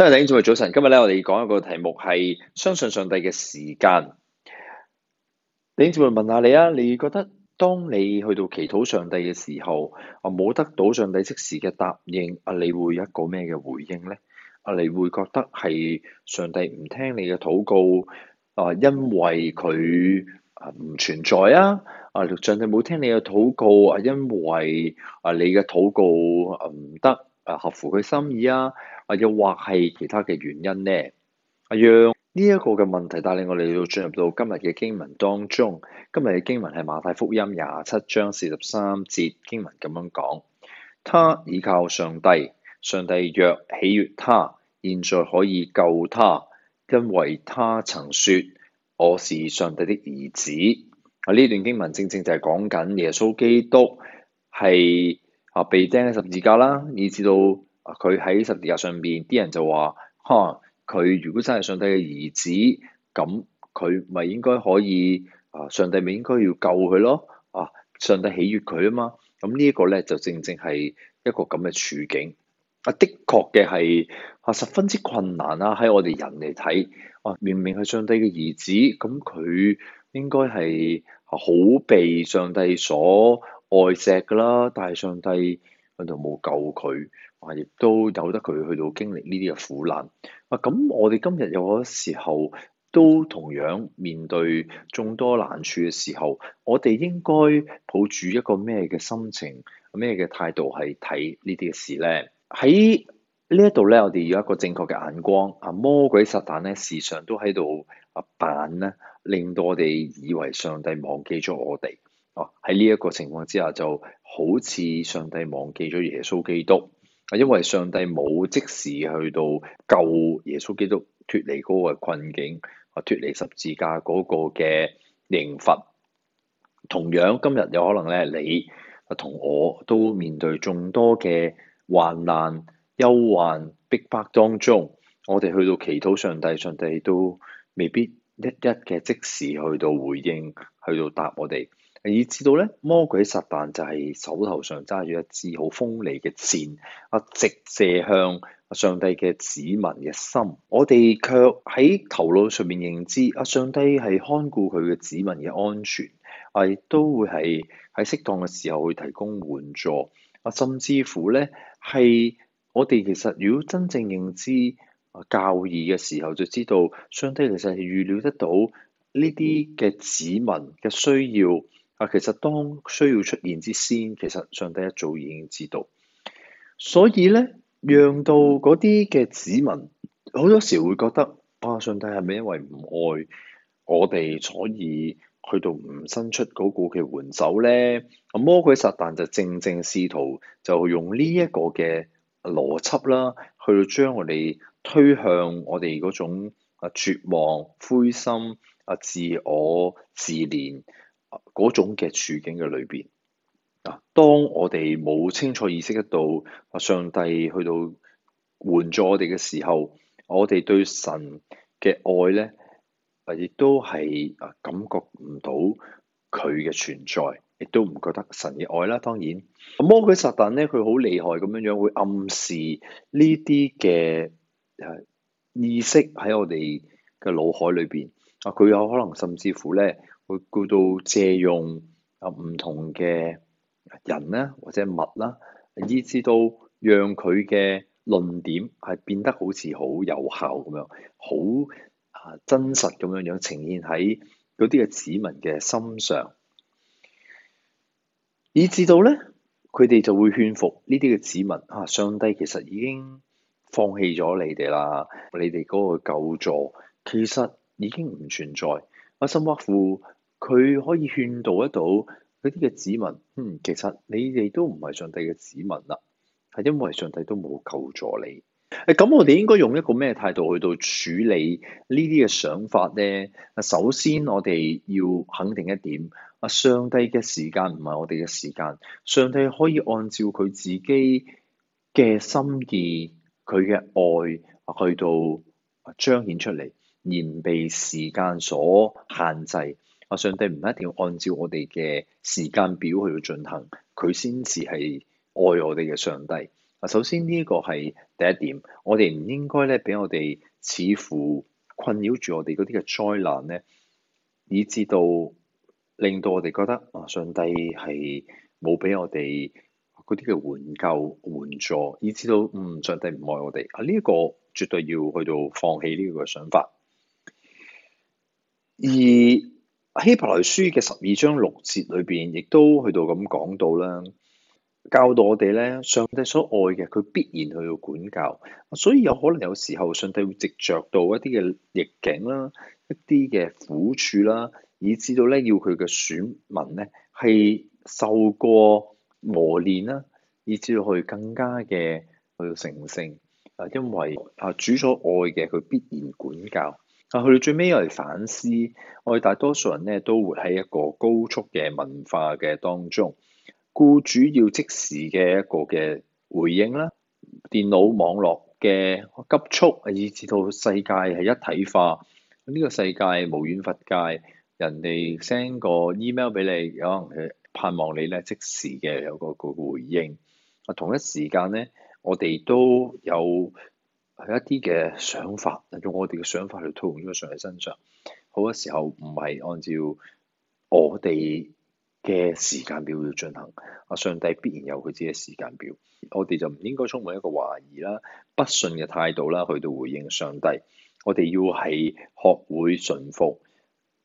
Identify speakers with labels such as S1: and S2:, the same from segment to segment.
S1: 真係，領住，們早晨。今日咧，我哋講一個題目係相信上帝嘅時間。領住，們問下你啊，你覺得當你去到祈禱上帝嘅時候，啊冇得到上帝即時嘅答應，啊你會有一個咩嘅回應咧？啊你會覺得係上帝唔聽你嘅禱告啊？因為佢啊唔存在啊？啊上帝冇聽你嘅禱告啊？因為啊你嘅禱告啊唔得啊合乎佢心意啊？啊，又或係其他嘅原因呢？阿讓呢一個嘅問題帶領我哋要進入到今日嘅經文當中。今日嘅經文係馬太福音廿七章四十三節，經文咁樣講：他倚靠上帝，上帝若喜悅他，現在可以救他，因為他曾說：我是上帝的兒子。啊，呢段經文正正就係講緊耶穌基督係啊被釘喺十字架啦，以至到。啊！佢喺十字架上邊，啲人就話：，哈！佢如果真係上帝嘅兒子，咁佢咪應該可以啊？上帝咪應該要救佢咯？啊！上帝喜悅佢啊嘛！咁呢一個咧就正正係一個咁嘅處境。啊！的確嘅係啊，十分之困難啦！喺我哋人嚟睇，啊，明明係上帝嘅兒子，咁佢應該係好被上帝所愛錫噶啦，但係上帝佢就冇救佢。啊！亦都有得佢去到經歷呢啲嘅苦難。啊！咁我哋今日有嗰時候，都同樣面對眾多難處嘅時候，我哋應該抱住一個咩嘅心情、咩嘅態度係睇呢啲嘅事咧？喺呢一度咧，我哋有一個正確嘅眼光。啊！魔鬼撒旦咧，時常都喺度啊扮咧，令到我哋以為上帝忘記咗我哋。啊！喺呢一個情況之下，就好似上帝忘記咗耶穌基督。因為上帝冇即時去到救耶穌基督脫離嗰個困境，啊，脫離十字架嗰個嘅刑罰。同樣今日有可能咧，你啊同我都面對眾多嘅患難、憂患、逼迫當中，我哋去到祈禱上帝，上帝都未必一一嘅即時去到回應，去到答我哋。以至到咧，魔鬼撒但就係手頭上揸住一支好鋒利嘅箭，啊，直射向上帝嘅子民嘅心。我哋卻喺頭腦上面認知，啊，上帝係看顧佢嘅子民嘅安全，啊，亦都會係喺適當嘅時候去提供援助。啊，甚至乎咧，係我哋其實如果真正認知教義嘅時候，就知道上帝其實係預料得到呢啲嘅子民嘅需要。啊，其實當需要出現之先，其實上帝一早已經知道，所以咧，讓到嗰啲嘅子民好多時會覺得，啊，上帝係咪因為唔愛我哋，所以去到唔伸出嗰個嘅援手咧？啊，魔鬼撒旦就正正試圖就用呢一個嘅邏輯啦，去到將我哋推向我哋嗰種啊絕望、灰心、啊自我自憐。嗰種嘅處境嘅裏邊，嗱，當我哋冇清楚意識得到，啊，上帝去到援助我哋嘅時候，我哋對神嘅愛咧，啊，亦都係啊，感覺唔到佢嘅存在，亦都唔覺得神嘅愛啦。當然，咁魔鬼撒旦咧，佢好厲害咁樣樣，會暗示呢啲嘅意識喺我哋嘅腦海裏邊，啊，佢有可能甚至乎咧。會叫到借用啊唔同嘅人咧，或者物啦，啊，以至到讓佢嘅論點係變得好似好有效咁樣，好啊真實咁樣樣呈現喺嗰啲嘅子民嘅心上，以至到咧佢哋就會勸服呢啲嘅子民啊，上帝其實已經放棄咗你哋啦，你哋嗰個救助其實已經唔存在，阿心挖苦。佢可以勸導得到嗰啲嘅子民，嗯，其實你哋都唔係上帝嘅子民啦，係因為上帝都冇救助你。誒，咁我哋應該用一個咩態度去到處理呢啲嘅想法咧？啊，首先我哋要肯定一點，啊，上帝嘅時間唔係我哋嘅時間，上帝可以按照佢自己嘅心意、佢嘅愛去到彰顯出嚟，而唔被時間所限制。啊！上帝唔一定要按照我哋嘅時間表去到進行，佢先至係愛我哋嘅上帝。啊，首先呢一個係第一點，我哋唔應該咧，俾我哋似乎困擾住我哋嗰啲嘅災難咧，以至到令到我哋覺得啊，上帝係冇俾我哋嗰啲嘅援救、援助，以至到嗯，上帝唔愛我哋。啊，呢一個絕對要去到放棄呢個想法。而希伯來書嘅十二章六節裏邊，亦都去到咁講到啦，教導我哋咧，上帝所愛嘅，佢必然去到管教，所以有可能有時候上帝會藉著到一啲嘅逆境啦，一啲嘅苦處啦，以至到咧要佢嘅選民咧係受過磨練啦，以至到去更加嘅去到成聖，啊，因為啊主所愛嘅，佢必然管教。啊！去到最尾又嚟反思，我哋大多數人咧都活喺一個高速嘅文化嘅當中，僱主要即時嘅一個嘅回應啦，電腦網絡嘅急速，以至到世界係一體化。呢、這個世界無遠弗屆，人哋 send 個 email 俾你，有可能佢盼望你咧即時嘅有個個回應。啊，同一時間咧，我哋都有。係一啲嘅想法，用我哋嘅想法去套用呢個上帝身上。好多時候唔係按照我哋嘅時間表去進行。啊，上帝必然有佢自己嘅時間表，我哋就唔應該充滿一個懷疑啦、不信嘅態度啦，去到回應上帝。我哋要喺學會順服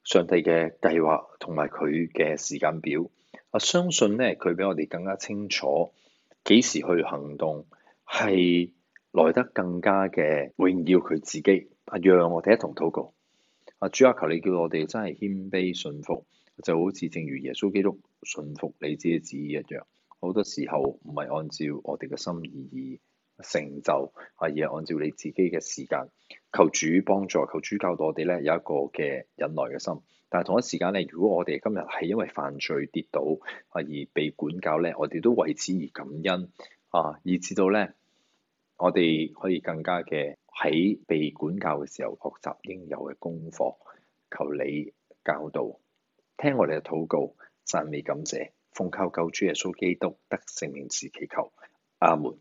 S1: 上帝嘅計劃同埋佢嘅時間表。啊，相信咧，佢比我哋更加清楚幾時去行動，係。來得更加嘅榮耀佢自己。阿，讓我哋一同禱告，阿主阿、啊、求你叫我哋真係謙卑信服，就好似正如耶穌基督信服你自己自己一樣。好多時候唔係按照我哋嘅心意而成就，啊而係按照你自己嘅時間。求主幫助，求主教導我哋咧有一個嘅忍耐嘅心。但係同一時間咧，如果我哋今日係因為犯罪跌倒，啊而被管教咧，我哋都為此而感恩。啊，以致到咧。我哋可以更加嘅喺被管教嘅時候學習應有嘅功課，求你教導，聽我哋嘅禱告，讚美感謝，奉靠救主耶穌基督得聖名詞祈求，阿門。